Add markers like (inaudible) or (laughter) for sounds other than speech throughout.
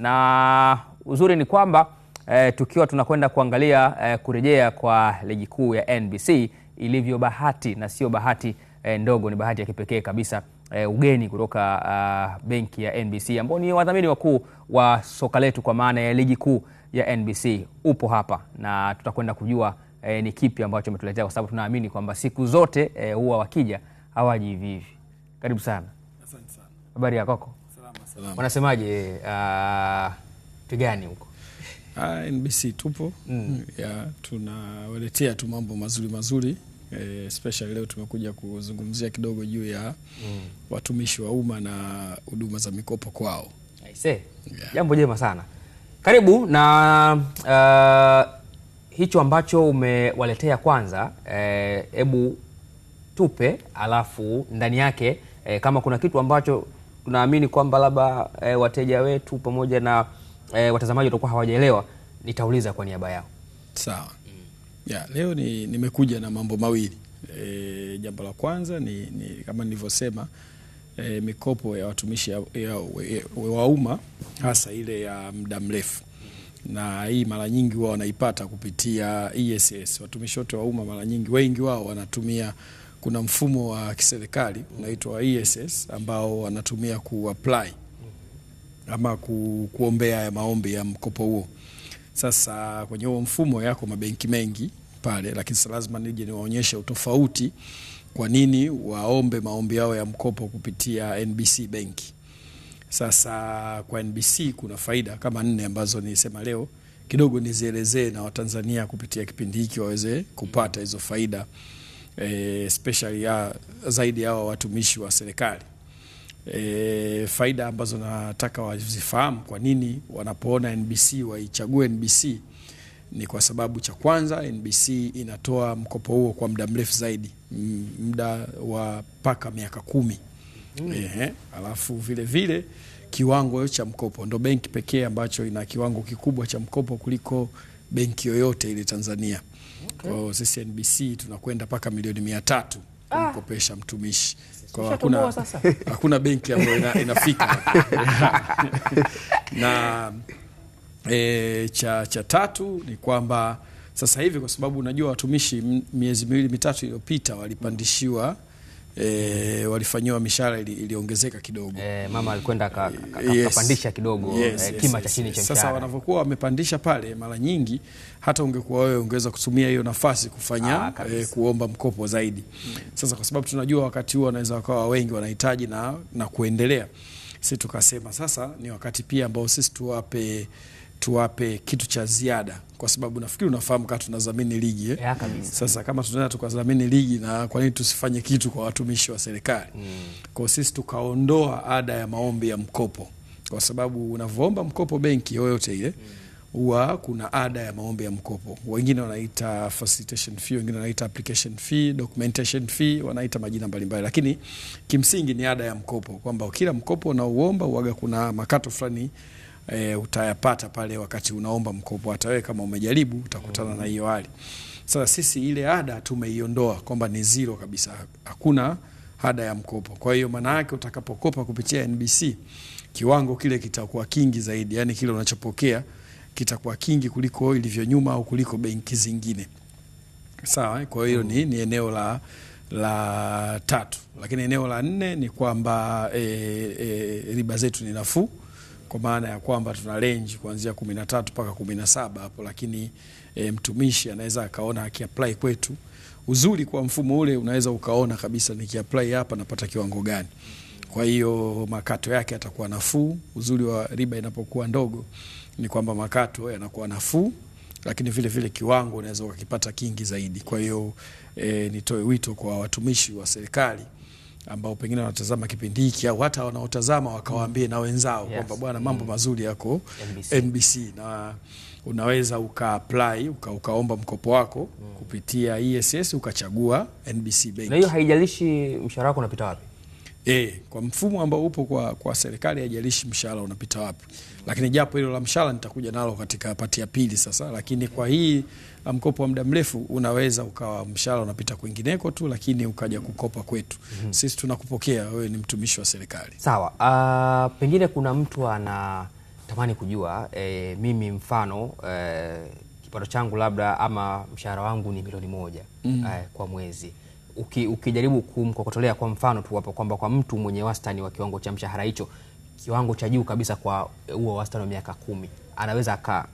na uzuri ni kwamba eh, tukiwa tunakwenda kuangalia eh, kurejea kwa ligi kuu ya NBC ilivyo bahati na sio bahati eh, ndogo, ni bahati ya kipekee kabisa eh, ugeni kutoka uh, benki ya NBC ambao ni wadhamini wakuu wa soka letu kwa maana ya ligi kuu ya NBC upo hapa na tutakwenda kujua eh, ni kipi ambacho umetuletea kwa sababu tunaamini kwamba siku zote eh, wakija hawaji hivi hivi. Karibu sana. Asante sana. Habari ya koko? wanasemaje uh, Tigani huko Ah, NBC tupo mm. yeah, tunawaletea tu mambo mazuri mazuri eh, especially leo tumekuja kuzungumzia kidogo juu ya mm. watumishi wa umma na huduma za mikopo kwao. Aise, yeah. Jambo jema sana, karibu na uh, hicho ambacho umewaletea kwanza, eh, hebu eh, tupe alafu ndani yake eh, kama kuna kitu ambacho tunaamini kwamba labda e, wateja wetu pamoja na e, watazamaji watakuwa hawajaelewa, nitauliza kwa niaba yao. Sawa. Mm. Yeah, leo ni nimekuja na mambo mawili. E, jambo la kwanza ni, ni kama nilivyosema e, mikopo ya watumishi wa umma hasa ile ya muda mrefu na hii mara nyingi wao wanaipata kupitia ESS. Watumishi wote wa umma mara nyingi wengi wao wanatumia kuna mfumo wa kiserikali unaitwa ESS ambao wanatumia kuapply ama ku, kuombea ya maombi ya mkopo huo. Sasa kwenye huo mfumo yako mabenki mengi pale, lakini lazima nije niwaonyeshe utofauti, kwa nini waombe maombi yao ya mkopo kupitia NBC benki. Sasa kwa NBC kuna faida kama nne ambazo nilisema leo kidogo nizielezee na Watanzania kupitia kipindi hiki waweze kupata hizo faida. E, especially ya, zaidi hawa watumishi wa serikali e, faida ambazo nataka wazifahamu kwa nini wanapoona NBC waichague NBC ni kwa sababu cha kwanza, NBC inatoa mkopo huo kwa muda mrefu zaidi, muda wa mpaka miaka kumi. Mm. Ehe, alafu vile vile kiwango cha mkopo ndo benki pekee ambacho ina kiwango kikubwa cha mkopo kuliko benki yoyote ile Tanzania okay. Kwa nbc tunakwenda mpaka milioni mia tatu ah. kumkopesha mtumishi kwa hakuna, (laughs) hakuna benki ambayo ina, inafika (laughs) na e, cha, cha tatu ni kwamba sasa hivi kwa sababu unajua watumishi miezi miwili mitatu iliyopita walipandishiwa E, walifanyiwa mishahara iliongezeka ili kidogo e, mama alikwenda eh, akapandisha yes. kidogo yes, eh, kima yes, cha chini yes. cha mshahara. Sasa wanavyokuwa wamepandisha pale, mara nyingi hata ungekuwa wewe ungeweza kutumia hiyo nafasi kufanya ah, e, kuomba mkopo zaidi hmm. Sasa kwa sababu tunajua wakati huo wanaweza wakawa wengi wanahitaji na, na kuendelea, sisi tukasema sasa ni wakati pia ambao sisi tuwape tuwape kitu cha ziada, kwa sababu nafikiri unafahamu kama tunadhamini ligi eh? Ya, Sasa kama tunaenda tukadhamini ligi, na kwa nini tusifanye kitu kwa watumishi wa serikali mm. Kwa sisi tukaondoa ada ya maombi ya mkopo, kwa sababu unavyoomba mkopo benki yoyote ile mm. huwa mm. kuna ada ya maombi ya mkopo, wengine wanaita facilitation fee, wengine wanaita application fee, documentation fee, wanaita majina mbalimbali, lakini kimsingi ni ada ya mkopo, kwamba kila mkopo unaouomba huaga kuna makato fulani e, utayapata pale wakati unaomba mkopo. Hata wewe kama umejaribu utakutana na hiyo hali. Sasa sisi ile ada tumeiondoa kwamba ni zero kabisa, hakuna ada ya mkopo. Kwa hiyo maana yake utakapokopa kupitia NBC kiwango kile kitakuwa kingi zaidi, yani kile unachopokea kitakuwa kingi kuliko ilivyo nyuma au kuliko benki zingine. Sawa, kwa hiyo ni, ni eneo la la tatu, lakini eneo la nne ni kwamba e, e, riba zetu ni nafuu kwa maana ya kwamba tuna range kuanzia 13 mpaka 17 hapo, lakini e, mtumishi anaweza akaona akiapply kwetu. Uzuri kwa mfumo ule unaweza ukaona kabisa nikiapply hapa napata kiwango gani, kwa hiyo makato yake yatakuwa nafuu. Uzuri wa riba inapokuwa ndogo ni kwamba makato yanakuwa nafuu lakini vile vile kiwango unaweza ukakipata kingi zaidi. Kwa hiyo e, nitoe wito kwa watumishi wa serikali ambao pengine wanatazama kipindi hiki au hata wanaotazama wakawaambie na wenzao yes, kwamba bwana mambo mm, mazuri yako NBC, NBC na unaweza uka apply uka, ukaomba mkopo wako mm, kupitia ESS ukachagua NBC Bank. Na hiyo haijalishi mshahara wako unapita wapi. E, kwa mfumo ambao upo kwa, kwa serikali haijalishi mshahara unapita wapi, lakini japo hilo la mshahara nitakuja nalo katika pati ya pili sasa, lakini kwa hii la uh, mkopo wa muda mrefu unaweza ukawa mshahara unapita kwingineko tu, lakini ukaja kukopa kwetu mm -hmm. Sisi tunakupokea wewe, ni mtumishi wa serikali sawa. Uh, pengine kuna mtu anatamani kujua e, mimi mfano e, kipato changu labda ama mshahara wangu ni milioni moja mm -hmm. e, kwa mwezi uki, ukijaribu kumkokotolea kwa mfano tu hapo kwamba kwa mtu mwenye wastani wa kiwango cha mshahara hicho kiwango cha juu kabisa kwa huo wastani wa miaka kumi anaweza aka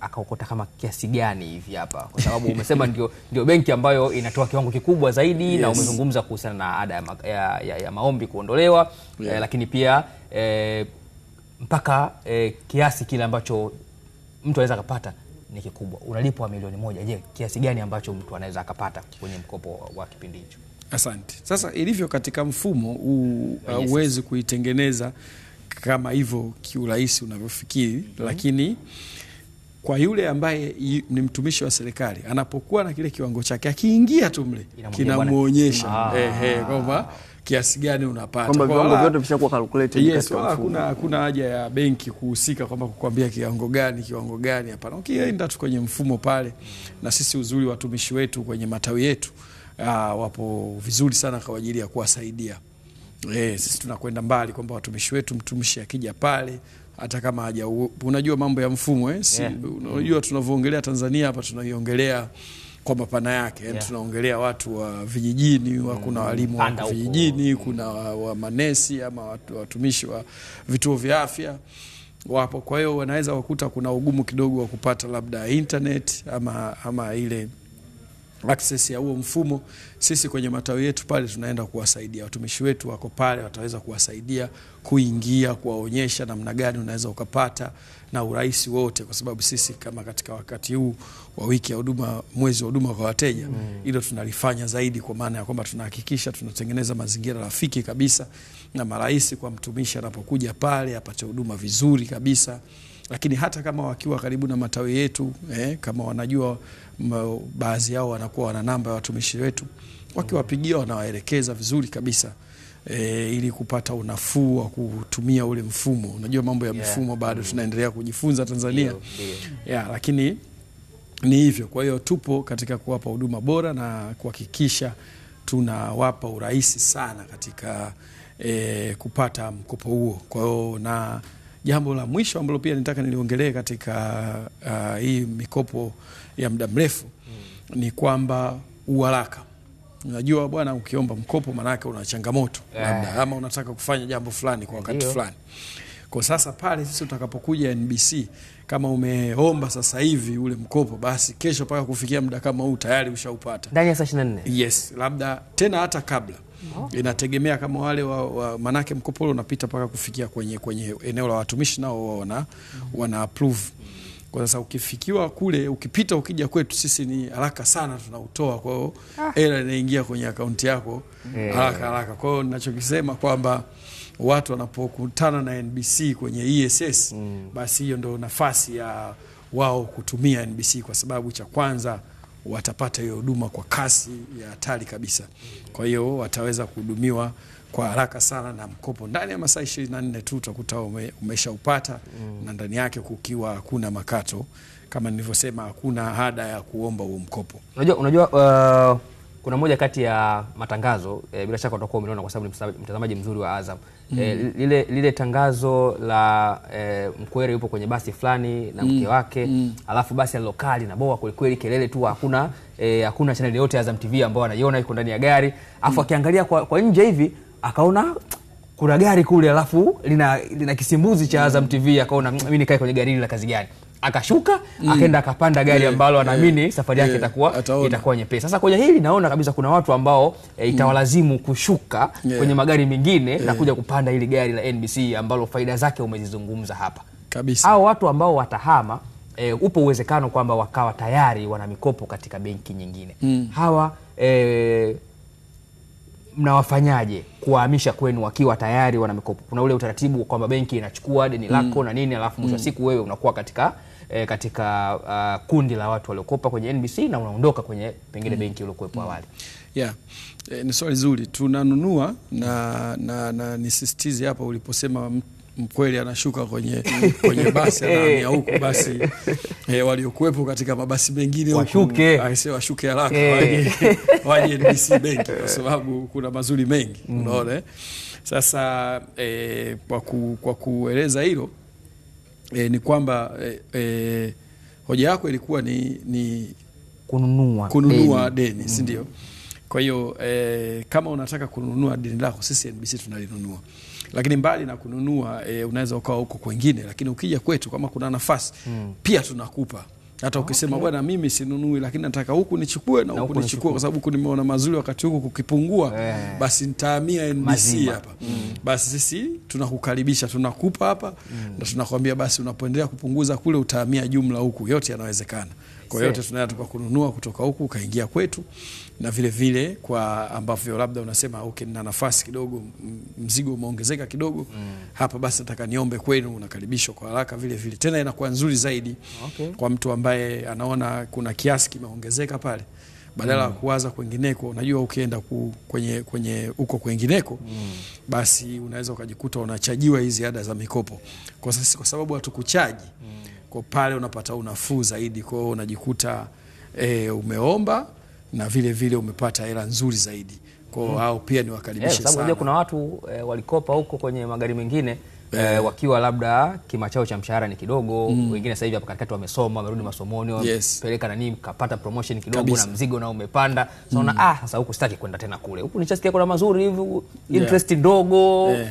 akaokota kama kiasi gani hivi hapa, kwa sababu umesema (laughs) ndio, ndio benki ambayo inatoa kiwango kikubwa zaidi yes. Na umezungumza kuhusiana na ada ya, ya, ya, ya maombi kuondolewa eh, yeah. Eh, lakini pia eh, mpaka eh, kiasi kile ambacho mtu anaweza akapata ni kikubwa, unalipwa milioni moja. Je, kiasi gani ambacho mtu anaweza akapata kwenye mkopo wa kipindi hicho? Asante. Sasa ilivyo katika mfumo huu uh, huwezi uh, kuitengeneza kama hivyo kiurahisi unavyofikiri, mm -hmm. lakini kwa yule ambaye ni mtumishi wa serikali anapokuwa na kile kiwango chake, akiingia tu mle kinamwonyesha ah. ehe, kwamba kiasi gani unapata, kwamba viwango vyote vishakuwa calculated. Yes, hakuna hakuna haja ya benki kuhusika kwamba kukwambia kiwango gani kiwango gani, hapana. Ukienda tu kwenye mfumo pale, na sisi uzuri watumishi wetu kwenye matawi yetu aa, ah, wapo vizuri sana kwa ajili ya kuwasaidia. Eh, sisi tunakwenda mbali kwamba watumishi wetu, mtumishi akija pale hata kama haja unajua mambo ya mfumo eh? si, yeah. Unajua tunavyoongelea Tanzania hapa tunaiongelea kwa mapana yake eh? yeah. Tunaongelea watu wa vijijini wa, mm. kuna walimu wa vijijini, mm. kuna wa, wa manesi ama watu, watumishi wa vituo vya afya wapo, kwa hiyo wanaweza wakuta kuna ugumu kidogo wa kupata labda internet ama, ama ile access ya huo mfumo. Sisi kwenye matawi yetu pale tunaenda kuwasaidia watumishi wetu, wako pale, wataweza kuwasaidia kuingia, kuwaonyesha namna gani unaweza ukapata na urahisi wote, kwa sababu sisi kama katika wakati huu wa wiki ya huduma, mwezi wa huduma kwa wateja, mm. hilo mm. tunalifanya zaidi, kwa maana ya kwamba tunahakikisha tunatengeneza mazingira rafiki kabisa na marahisi kwa mtumishi anapokuja pale apate huduma vizuri kabisa lakini hata kama wakiwa karibu na matawi yetu eh, kama wanajua baadhi yao wanakuwa wana namba ya watumishi wetu, wakiwapigia wanawaelekeza vizuri kabisa e, ili kupata unafuu wa kutumia ule mfumo. Unajua mambo ya yeah, mfumo bado mm. tunaendelea kujifunza Tanzania yeah, lakini ni hivyo. Kwa hiyo tupo katika kuwapa huduma bora na kuhakikisha tunawapa urahisi sana katika e, kupata mkopo huo. Kwa hiyo na Jambo la mwisho ambalo pia nitaka niliongelee katika uh, hii mikopo ya muda mrefu hmm, ni kwamba uharaka Unajua bwana, ukiomba mkopo maanake una changamoto yeah, ama unataka kufanya jambo fulani kwa wakati fulani. Kwa sasa pale sisi utakapokuja NBC kama umeomba sasa hivi ule mkopo, basi kesho mpaka kufikia muda kama huu tayari ushaupata ndani ya saa 24. Yes, labda tena hata kabla No. Oh. Inategemea kama wale wa, wa manake mkopo ule unapita mpaka kufikia kwenye, kwenye eneo la watumishi nao wana, mm -hmm. wana approve. Kwa sasa ukifikiwa kule ukipita ukija kwetu sisi ni haraka sana tunautoa, kwa hiyo ah. hela inaingia kwenye akaunti yako eh. haraka yeah. haraka. Kwa hiyo ninachokisema kwamba watu wanapokutana na NBC kwenye ESS mm. basi hiyo ndo nafasi ya wao kutumia NBC kwa sababu cha kwanza watapata hiyo huduma kwa kasi ya hatari kabisa. Kwa hiyo wataweza kuhudumiwa kwa haraka sana na mkopo ndani ya masaa ishirini na nne tu utakuta ume, umeshaupata mm. na ndani yake kukiwa hakuna makato kama nilivyosema, hakuna ada ya kuomba huo mkopo. Unajua, unajua uh kuna moja kati ya matangazo e, bila shaka utakuwa umeona kwa sababu ni mtazamaji mzuri wa Azam mm. E, lile, lile tangazo la e, mkwere yupo kwenye basi fulani na mke mm. wake mm. alafu basi alilokali na boa kwelikweli, kelele tu, hakuna e, hakuna chaneli yote Azam TV ambayo anaiona iko ndani ya gari alafu mm. akiangalia kwa, kwa nje hivi akaona kuna gari kule alafu lina, lina kisimbuzi cha mm. Azam TV akaona mm, mimi nikae kwenye gari hili la kazi gani? akashuka mm. akaenda akapanda gari ambalo anaamini yeah, safari yake itakuwa itakuwa nyepesi. Sasa kwenye hili naona kabisa kuna watu ambao e, itawalazimu kushuka yeah. kwenye magari mengine yeah. na kuja kupanda hili gari la NBC ambalo faida zake umezizungumza hapa kabisa. Hao watu ambao watahama e, upo uwezekano kwamba wakawa tayari wana mikopo katika benki nyingine mm. hawa e, mnawafanyaje kuwahamisha kwenu wakiwa tayari wana mikopo? Kuna ule utaratibu kwamba benki inachukua deni mm. lako mm. na nini, alafu mwisho mm. siku wewe unakuwa katika e, katika uh, kundi la watu waliokopa kwenye NBC na unaondoka kwenye pengine mm. benki uliokuwepo mm. awali yeah. E, ni swali zuri. Tunanunua na, na, na nisisitize hapa uliposema mkweli anashuka kwenye kwenye basi anahamia huku basi (laughs) eh, waliokuwepo katika mabasi mengine eh, washuke haraka eh. waje (laughs) NBC benki kwa sababu kuna mazuri mengi mm. Unaona eh. sasa e, kwa, ku, kwa kueleza hilo e, ni kwamba e, e, hoja yako ilikuwa ni, ni kununua, kununua deni, deni si mm. ndio? Kwa hiyo e, kama unataka kununua deni lako, sisi NBC tunalinunua. Lakini mbali na kununua e, unaweza ukawa huko kwengine, lakini ukija kwetu kama kuna nafasi mm. pia tunakupa hata ukisema okay, bwana mimi sinunui, lakini nataka huku nichukue na huku nichukue, kwa sababu huku nimeona mazuri, wakati huku kukipungua eh, basi nitahamia NBC hapa mm. Basi sisi tunakukaribisha, tunakupa hapa mm. na tunakwambia basi, unapoendelea kupunguza kule utahamia jumla huku, yote yanawezekana. Kwa hiyo tunataka kununua kutoka huku ukaingia kwetu, na vile vile kwa ambavyo labda unasema okay, na nafasi kidogo, mzigo umeongezeka kidogo mm. hapa basi nataka niombe kwenu, unakaribishwa kwa haraka vile vile, tena inakuwa nzuri zaidi okay. kwa mtu ambaye anaona kuna kiasi kimeongezeka pale badala ya mm. kuwaza kwengineko. Unajua, ukienda kwenye kwenye huko kwengineko mm. basi unaweza ukajikuta unachajiwa hizi ada za mikopo kwa sasa, kwa sababu hatukuchaji mm kwa pale unapata unafuu zaidi, kwa hiyo unajikuta e, umeomba na vile vile umepata hela nzuri zaidi. Kwa hiyo hmm. hao pia niwakaribishe eh, sana. kuna watu e, walikopa huko kwenye magari mengine yeah. wakiwa labda kima chao cha mshahara ni kidogo mm. Wengine sasa hivi hapa katikati wamesoma wamerudi masomoni wamepeleka yes. nani mkapata promotion kidogo Kabisa. na mzigo nao umepanda so mm. Ah, sasa huku sitaki kwenda tena kule, huku nishasikia kuna mazuri hivi interest yeah. ndogo yeah.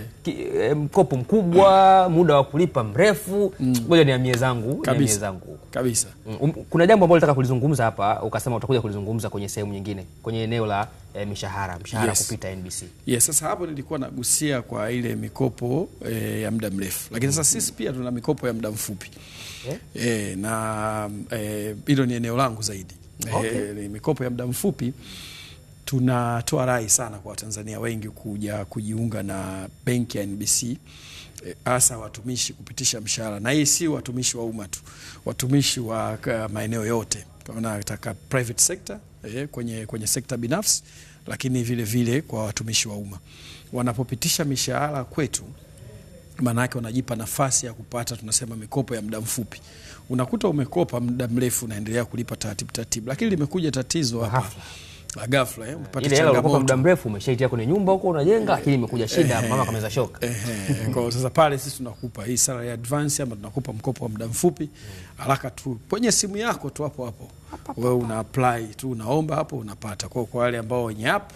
Eh, mkopo mkubwa yeah. muda wa kulipa mrefu mm. ngoja mm. niamie zangu niamie zangu kabisa. Mm, um, kuna jambo ambalo nataka kulizungumza hapa, ukasema utakuja kulizungumza kwenye sehemu nyingine kwenye eneo la e, mishahara mshahara yes, kupita NBC. Yes, sasa hapo nilikuwa nagusia kwa ile mikopo e, ya muda mrefu, lakini sasa sisi pia tuna mikopo ya muda mfupi eh? E, na hilo e, ni eneo langu zaidi okay. E, mikopo ya muda mfupi tunatoa rai sana kwa Watanzania wengi kuja kujiunga na benki ya NBC hasa watumishi kupitisha mshahara, na hii si watumishi wa umma tu, watumishi wa maeneo yote, tunataka private sector eh, kwenye, kwenye sekta binafsi, lakini vile vile kwa watumishi wa umma. Wanapopitisha mishahara kwetu, maana yake wanajipa nafasi ya kupata tunasema mikopo ya muda mfupi. Unakuta umekopa muda mrefu unaendelea kulipa taratibu taratibu, lakini limekuja tatizo hapa ghafla eh, upate ile kwa muda mrefu umeshaitia kwenye nyumba huko unajenga, lakini eh, imekuja shida, eh, mama kameza shoka. Eh, kwa sasa pale sisi tunakupa hii ya advance, ama tunakupa mkopo wa muda mfupi mm. haraka tu kwenye simu yako tu, hapo hapo wewe una apply tu, unaomba hapo unapata. Kwa kwa wale ambao wenye app,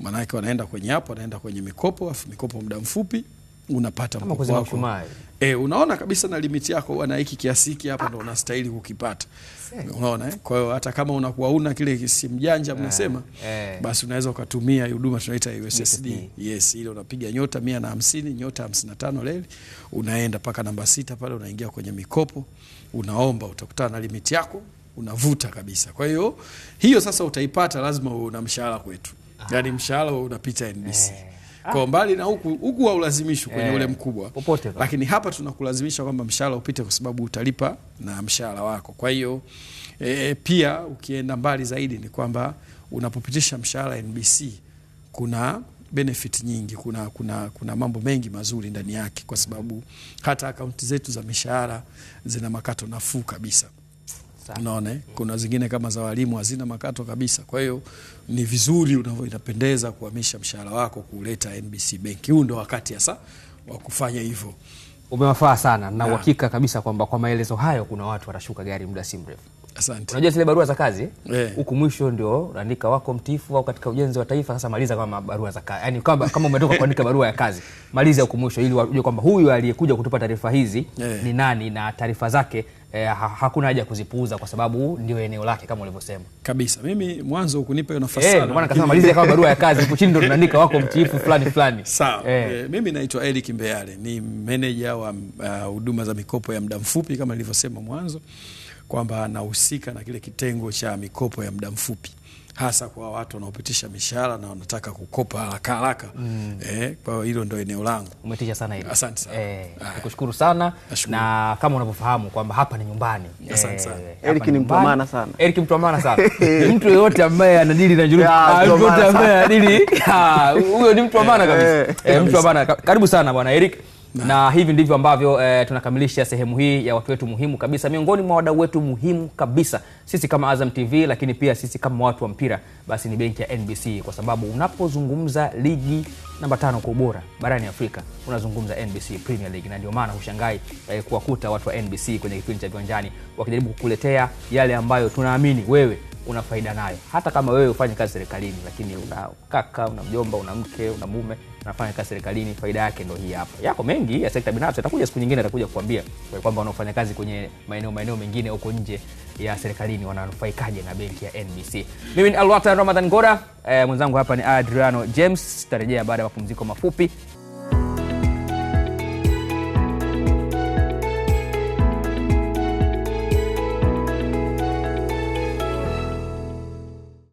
maana yake wanaenda kwenye app, wanaenda kwenye mikopo, afu mikopo muda mfupi unapata mkopo wako. E, unaona kabisa na limiti yako na hiki kiasi hiki hapa ndo unastahili kukipata. Unaona eh? Kwa hiyo hata kama unakuwa una kile kisimu janja ah, mnasema eh, basi unaweza ukatumia huduma tunaita USSD. Yes, ile unapiga nyota 150 nyota 55 leli unaenda paka namba sita pale unaingia kwenye mikopo, unaomba utakutana na limiti yako, unavuta kabisa. Kwa hiyo hiyo sasa utaipata lazima una mshahara kwetu. Ah. Yaani mshahara unapita NBC. Eh. Ah. Kwa mbali na huku huku haulazimishwi kwenye eh, ule mkubwa popote, lakini hapa tunakulazimisha kwamba mshahara upite, kwa sababu utalipa na mshahara wako. Kwa hiyo e, pia ukienda mbali zaidi ni kwamba unapopitisha mshahara NBC kuna benefit nyingi, kuna, kuna, kuna mambo mengi mazuri ndani yake, kwa sababu hata akaunti zetu za mishahara zina makato nafuu kabisa unaona eh? Kuna zingine kama za walimu hazina makato kabisa. Kwa hiyo ni vizuri unavyo, inapendeza kuhamisha mshahara wako kuuleta NBC Bank. Huu ndo wakati hasa wa kufanya hivyo. Umewafaa sana na uhakika kabisa kwamba kwa maelezo hayo kuna watu watashuka gari muda si mrefu. Asante. Unajua zile barua za kazi eh. huku, yeah. Mwisho ndio unaandika wako mtifu au katika ujenzi wa taifa. Sasa maliza kama barua za kazi, yani kama, kama umetoka kuandika barua ya kazi maliza huku mwisho, ili ujue kwamba huyu aliyekuja kutupa taarifa hizi yeah. ni nani na taarifa zake eh, hakuna haja ya kuzipuuza kwa sababu ndio eneo lake kama ulivyosema kabisa. Mimi mwanzo kunipa hiyo nafasi eh, sana, maana kasema maliza kama barua ya kazi huku chini ndio tunaandika wako mtifu fulani fulani. Sawa. Eh, eh mimi naitwa Eric Mbeyale, ni meneja wa uh, huduma uh, za mikopo ya muda mfupi kama nilivyosema mwanzo kwamba anahusika na kile kitengo cha mikopo ya muda mfupi hasa kwa watu wanaopitisha mishahara na wanataka kukopa haraka haraka mm. Eh, kwa hiyo hilo ndio eneo langu. Umetisha sana hilo. Asante sana. Eh, nikushukuru sana Ashukuru. Na kama unavyofahamu kwamba hapa ni nyumbani. Asante eh, sana. Eric ni mtu maana sana. Eric mtu maana sana. Mtu yeyote ambaye anadili na jurumu, ah, mtu ambaye anadili, ah, huyo ni mtu maana kabisa. Eh, eh mtu maana. Karibu sana bwana Eric na, hivi ndivyo ambavyo e, tunakamilisha sehemu hii ya watu wetu muhimu kabisa, miongoni mwa wadau wetu muhimu kabisa sisi kama Azam TV, lakini pia sisi kama watu wa mpira, basi ni benki ya NBC, kwa sababu unapozungumza ligi namba tano kwa ubora barani Afrika unazungumza NBC Premier League, na ndio maana hushangai e, kuwakuta watu wa NBC kwenye kipindi cha Viwanjani wakijaribu kukuletea yale ambayo tunaamini wewe una faida nayo, hata kama wewe ufanye kazi serikalini, lakini una kaka, una mjomba, una mke, una mume anafanya kazi serikalini, faida yake ndo hii hapa. Yako mengi ya sekta binafsi, atakuja siku nyingine, atakuja kukuambia kwamba wanaofanya kazi kwenye maeneo maeneo mengine huko nje ya serikalini wananufaikaje na benki ya NBC. Mimi ni Alwata Ramadhan Goda, eh, mwenzangu hapa ni Adriano James. Tarejea baada ya mapumziko mafupi.